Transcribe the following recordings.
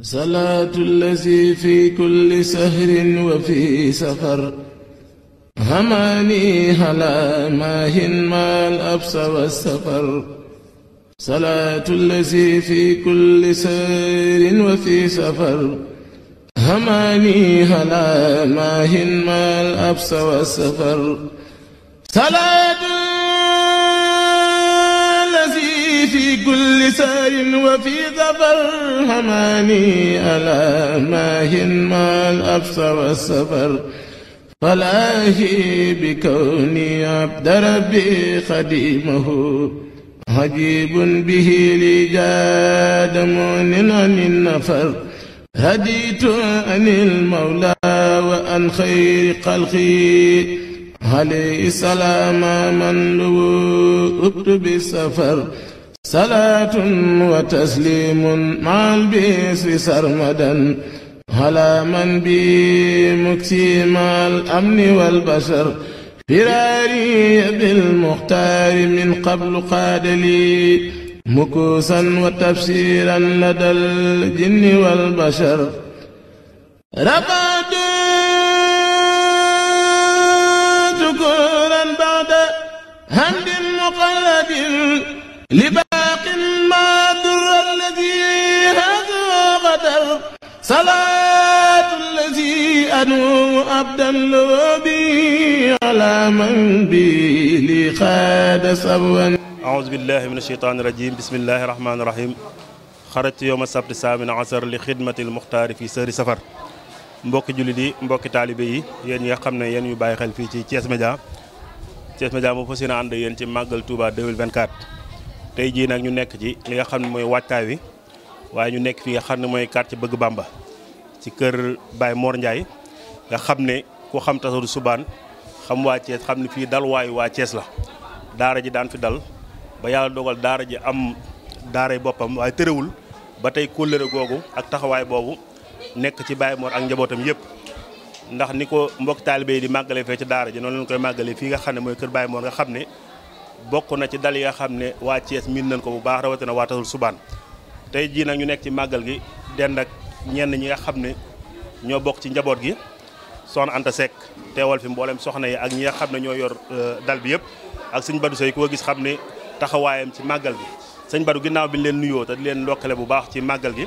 صلاة الذي في كل سهر وفي سفر هماني هلا هن ما الأبس والسفر صلاة الذي في كل سهر وفي سفر هماني هلا هن ما الأبس والسفر صلاة بسار وفي ذبر هماني ألا ماهن ما الأبصر والسبر فلاهي بكوني عبد ربي خديمه عجيب به لجاد جاد مؤمن عن النفر هديت عن المولى وعن خير خلقي عليه السلام من لو بالسفر صلاة وتسليم مع البيس سرمدا على من بي مكسيم الأمن والبشر فراري بالمختار من قبل قاد لي مكوسا وتفسيرا لدى الجن والبشر رقد شكورا بعد هند مقلد لبا صلاة الذي أنوم أبدا لبي على من به لخاد سبوا أعوذ بالله من الشيطان الرجيم بسم الله الرحمن الرحيم خرجت يوم السبت السابع من عصر لخدمة المختار في سير سفر مبوك جلدي مبوك طالبي ين يقمنا ين يباي خلفي تي تيس مجا تيس مجا مفسنا عند ين تي مغل توبا 2024 تيجي نك نيو نيك جي لي خامن waaye ñu nekk fi nga xam ne mooy ci Bëgg Bamba ci kër Baye Mor Ndiaye nga xam ne ku xam Tasawudu Subaan xam waa Thiès xam ne fii dal waayu waa Thiès la daara ji daan fi dal ba yàlla dogal daara ji am daara daaray boppam waaye tërëwul ba tey kóllëre googu ak taxawaay boobu nekk ci Baye Mor ak njabootam yëpp ndax ni ko mbokk taalibe yi di màggalee fee ci daara ji noonu lañ koy màggale fii nga xam ne mooy kër Baye Mor nga xam ne bokk na ci dal yi nga xam ne waa Thiès nañ ko bu baax rawatina waa Tasawudu Subaan tey jii nag ñu nekk ci màggal gi dend ak ñenn ñi nga xam ne ñoo bokk ci njaboot gi soxna Anta Seck teewal fi mboolem soxna yi ak ñi nga xam ne ñoo yor euh, dal bi yëpp ak sëñ Badou Seye koo gis xam ne taxawaayam ci màggal gi sëñ Badou ginnaaw bi ñu leen nuyoo te di leen ndokkale bu baax ci màggal gi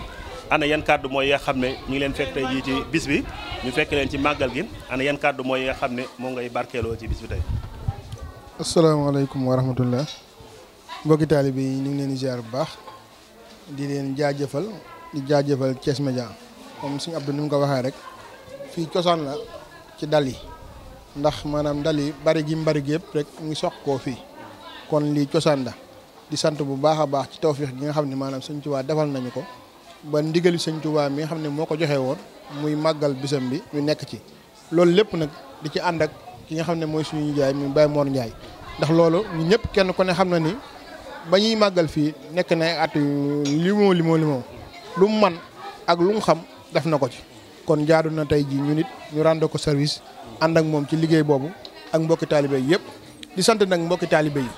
ana yan kàddu mooy yi nga xam ne ñu ngi leen fekk tey jii ci bis bi ñu fekk leen ci màggal gi ana yan kàddu mooy yi nga xam ne moom ngay barkeeloo ci bis bi tey asalaamaaleykum wa rahmatullah ñu ngi leen di ziar bu baax di leen jaajëfal di jaajëfal Thiès Média comme suñu Abdou ni mu ko waxee rek fii cosaan la ci dal yi ndax maanaam dal yi bari gi mbari gi yëpp rek ngi soq koo fii kon lii cosaan la di sant bu baax a baax ci tawféex gi nga xam ne maanaam sëñ Tuubaa defal nañu ko ba ndigali sëñ Tuubaa mi nga xam ne moo ko joxe woon muy màggal bisam bi mu nekk ci loolu lépp nag di ci ànd ak ki nga xam ne mooy suñu jaay mu Baye Mor njaay ndax loolu ñu ñëpp kenn ku ne xam na ni ba ñuy màggal fii nekk na ay at yu limoo limoo limoo lu man ak lu mu xam def na ko ci kon jaadu na tey jii ñu nit ñu rendre ko service ànd ak moom ci liggéey boobu ak mbokki taalibe yi yëpp di sant nag mbokki taalibe yi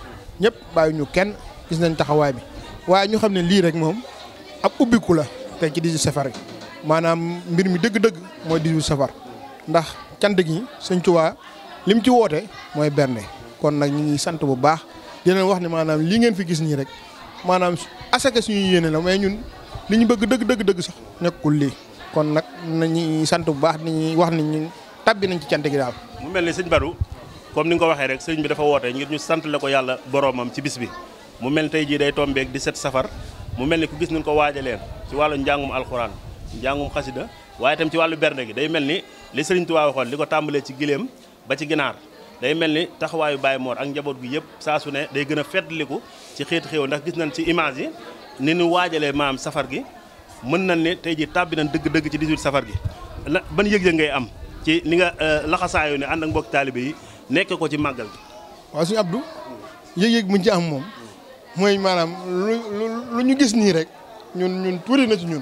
ñëpp bàyyi ñu kenn gis nañ taxawaay bi waaye ñu xam ne lii rek moom ab ubbiku la tey ci 18 safar gi maanaam mbir mi dëgg-dëgg mooy di safar ndax cant gi Sëñ Tuubaa lim ci woote mooy bernde kon nag ñu sant bu baax di wax ni maanaam li ngeen fi gis nii rek maanaam asaka suñu yéene la mais ñun li ñu bëgg dëgg dëgg dëgg sax nekkul lii kon nag nañuy sant bu baax nañuy wax ni ñu tabbi nañ ci cant gi daal. mu mel ni sëñ Badou comme ni nga ko waxee rek sëñ bi dafa woote ngir ñu sant la ko yàlla boromam ci bis bi mu mel tey jii day tombeeg 17 safar mu mel ni ku gis nañ ko waajaleen ci wàllu njàngum alxuraan njàngum xasida waaye tam ci wàllu bernde gi day mel ni li sëriñ Tuubaa waxoon li ko tàmbalee ci gileem ba ci ginaar day mel ni taxawaayu Baye Mor ak njaboot gi yëpp saa su ne day gën a fettliku ci xeeti xéw ndax gis nañ ci image yi ni ñu waajalee maam safar gi mën nañ ne tey ji tàbbi nañ dëgg-dëgg ci 18 safar gi la ban yëg-yëg ngay am ci li nga euh, laxasaayu ne ànd ak mbokk taalibe yi nekk ko ci màggal gi waaw suñu Abdou yëg-yëg buñ ci am moom mooy maanaam lu lu ñu gis nii rek ñun ñun tuuri na ci ñun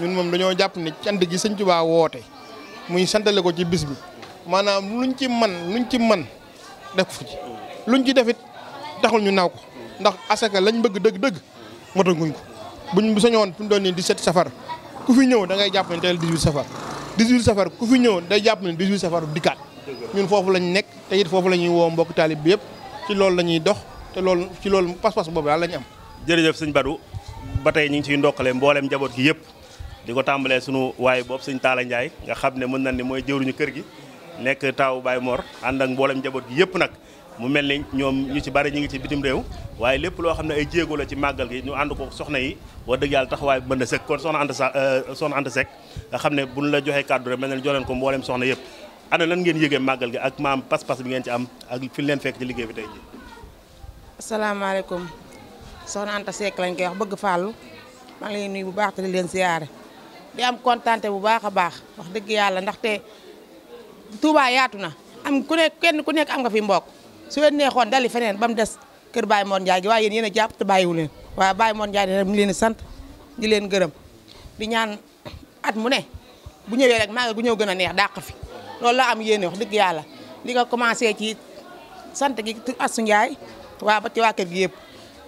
ñun moom dañoo jàpp ne cant gi sëñ waa woote muy santale ko ci bis bi maanaam luñ ci man lu ñu ci man def ko ci lu ñu ci defit taxul ñu naaw ko ndax asaka lañ bëgg dëgg-dëgg motaguñ ko buñ bu sañoon fi mu doon nii 17 safar ku fi ñëw da ngay jàpp ne teel 18 safar 18 ku fi ñëw day jàpp ne 18 safar dikkaat ñun foofu lañ nekk te foofu la ñuy woo mbokk taalib bi yëpp ci loolu la ñuy dox te loolu ci loolu pas-pas boobu daal la ñu am. jërëjëf sëñ Badou ba tey ñu ngi ciy ndokkale mboolem njaboot gi yëpp di ko tàmbalee sunu waaye boobu sëñ Talla Ndiaye nga xam ne mën na ni mooy jëwriñu kër gi nekk taawu Baye Mor ànd ak mboolem njaboot gi yëpp nag mu mel ni ñoom ñu ci bari ñu ngi ci bitim réew waaye lépp loo xam ne ay jéego la ci màggal gi ñu ànd ko soxna yi wax dëgg yàlla taxawaay bu mën na sekk kon soxna Anta sa euh, soxna Anta Seck ko mboolem soxna yëpp ana lan ngeen yëgee màggal gi ak maam lañ koy wax bëgg fàllu maa ngi bu baax te di leen siyaare di am kontaante bu baax a baax wax dëgg yàlla ndaxte Touba yaatu na am ku nekk kenn ku nekk am nga fi mbokk su leen neexoon dali feneen ba mu des kër Baye Mor Ndiaye gi waaye yéen yéen te bàyyiwu leen waaye Baye Mor Ndiaye dina mu leen sant di leen gërëm di ñaan at mu ne bu ñëwee rek maa gu ñëw gën a neex dàq fi loolu la am yéene wax dëgg yàlla li nga commencé ci sant gi Assou Ndiaye waa ba ci waa kër yëpp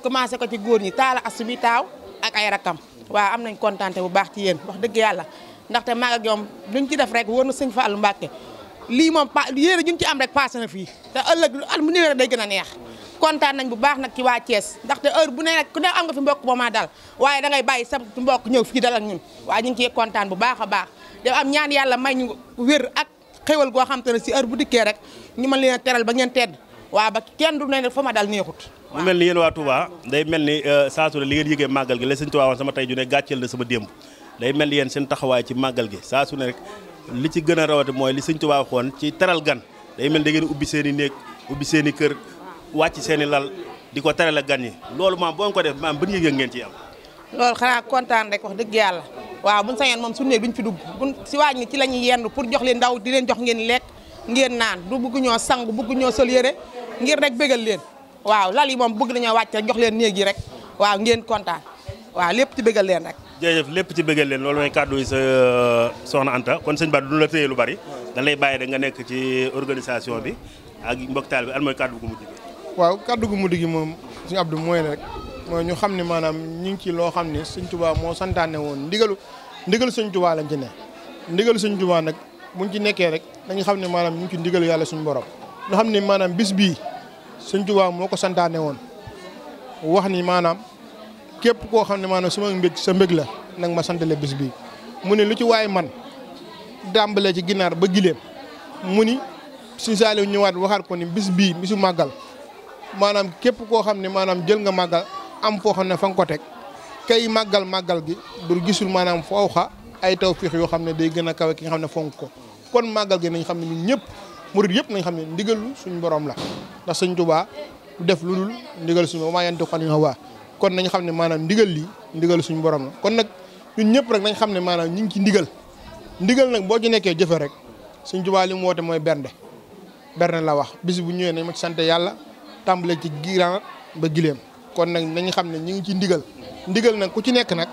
commencé ko ci góor ñi taala Assou bi taaw ak ay rakam waaw am nañ kontaan bu baax ci yéen wax dëgg yàlla ndaxte maa ñoom luñ ci def rek wóor na sëñ Fallou Mbacke lii moom pa yéen ñu ci am rek passé na fii te ëllëg al mu ñëwee rek day gën a neex kontaan nañ bu baax nag ci waa cees ndaxte heure bu ne nag ne am nga fi mbokk ba ma dal sa mbokk ñëw fii dal ak ñun waaye ñu ngi ciy kontaan bu baax a baax am ñaan yàlla may ñu wér ak xéwal goo xam ne si heure bu dikkee rek ñu mën leen teral ba ngeen tedd waa ba kenn du ne nag ma dal neexut mu mel ni yéen waa Touba day mel ni euh, saa su ne li ngeen yëgee màggal gi la sëñ Touba sama tey ne gàcceel na sama démb day mel ni seen taxawaay ci màggal gi saa su ne rek li ci gëna a rawati mooy li sëñ Tuubaa waxoon ci téral gan day mel da ngeen ubbi seeni i ubbi seeni kër wacc seeni lal di téral gan yi loolu maam boo ko def maam ban yëg-yëg ngeen ci am. loolu xana contane rek wax deug yalla waaw buñ sañen mom suñu nee fi dugg buñ ci wañ ni ci lañuy yenn pour jox leen ndaw di leen jox ngeen lek ngeen naan du bugg ñoo sang bugg ñoo sol yéré ngir rek bëggal leen waaw lal yi mom bëgg nañoo wacc jox leen néeg yi rek waaw ngeen contane waaw lepp ci bëggal leen rek jërëjëf lépp ci bëggal leen loolu mooy kàddu sa euh, soxna Anta kon sëñ Ba du la téye lu bari. dañ lay bàyyi da nga nekk ci organisation bi ak mbokktaal bi al mooy kàddu gu mujj gi. waaw kàddu gu mujj gi moom suñu Abdou mooy rek mooy ñu xam ni maanaam ñu ngi ci loo xam ne sëñ Tuubaa moo santaane woon ndigalu ndigalu sëñ Tuubaa lañ ci ne ndigalu sëñ Tuubaa nag buñ ci nekkee rek dañu xam ne maanaam ñu ngi ci ndigalu yàlla suñu borom ñu xam ne maanaam bis bii sëñ Tuubaa moo ko santaane woon wax ni maanaam képp koo xam ne maanaam sama mbég sa mbég la nag ma santale bis bii mu ne lu ci waay man dàmbalee ci ginaar ba gileem mu ni suñu saaliw ñëwaat waxaat ko ni bis bii bisu màggal maanaam képp koo xam ne maanaam jël nga màggal am foo xam ne fa nga ko teg kay màggal màggal gi du gisul maanaam foo xa ay tawfiix yoo xam ne day gën a kaw ki nga xam ne fonk ko kon màggal gi nañ xam ne ñun ñëpp murit yëpp nañ xam ne ndigalu suñu borom la ndax sëñ Tuubaa du def lu dul ndigal suñu ba maa yantiqu anil kon nañ xam manam ndigal li ndigal suñu borom la kon nak ñun ñepp rek nañ xam manam ñing ngi ci ndigal ndigal nak bo ci nekké jëfë rek suñu juba li mu woote bernde bernde la wax bis bu ñëwé nañ ma ci santé yalla tambalé ci giran ba gilem kon nak nañ xam ñing ngi ci ndigal ndigal nak ku ci nekk nak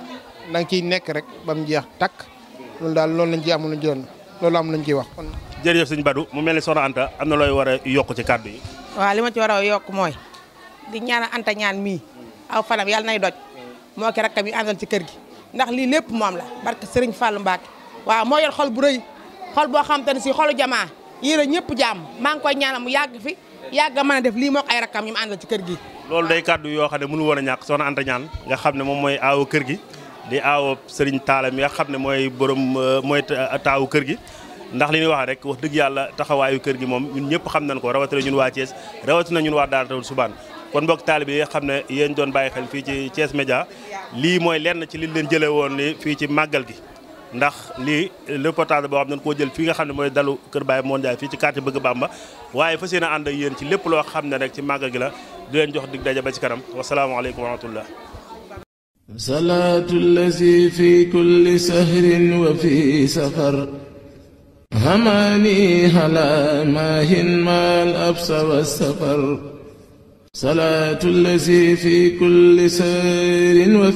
nang ci nekk rek bam jeex tak lool daal lool lañ ci amul joon lool am lañ ci wax kon jërëjëf badu mu melni Anta amna loy wara yok ci kàddu yi wa li ma ci wara yok moy di ñaan Anta ñaan mi aw fanam yàlla nay doj moo ki rakkam yi àndal ci kër gi ndax lii lépp moom la barke Serigne Fallou Mbacke waaw moo yor xol bu rëy xol boo xam te ne si xolu jamaa yéen ñëpp jàmm maa ngi koy ñaanal mu yàgg fi yàgg ma a def lii mook ay rakkam ñu mu ci kër gi loolu day kàddu yoo xam ne mënu woon a ñàkk soxna Anta nga xam ne moom mooy aawu kër gi di aawo Serigne Talla mi nga xam ne mooy borom mooy taawu kër gi ndax li ñuy wax rek wax dëgg yàlla taxawaayu kër gi moom ñun ñëpp xam nañ ko rawatina ñun waa Thiès rawatina ñun waa Daara Tawhid Subhan kon bok talib yi xamne yéen doon baye xel fi ci ties Média li moy lenn ci li leen jele won ni fi ci magal gi ndax li le portable bo xamne ko jël fi nga xamne moy dalu keur Baye mondial fi ci quartier beug Bàmba waye fassiyena ànd ak yéen ci lépp lo xamne rek ci magal gi la du leen jox dig dajja ba ci kanam alaykum wa rahmatullah صلاة الذي في كل سهر وفي سفر هماني هلا ماهن ما الأبس والسفر صلاة الذي في كل سير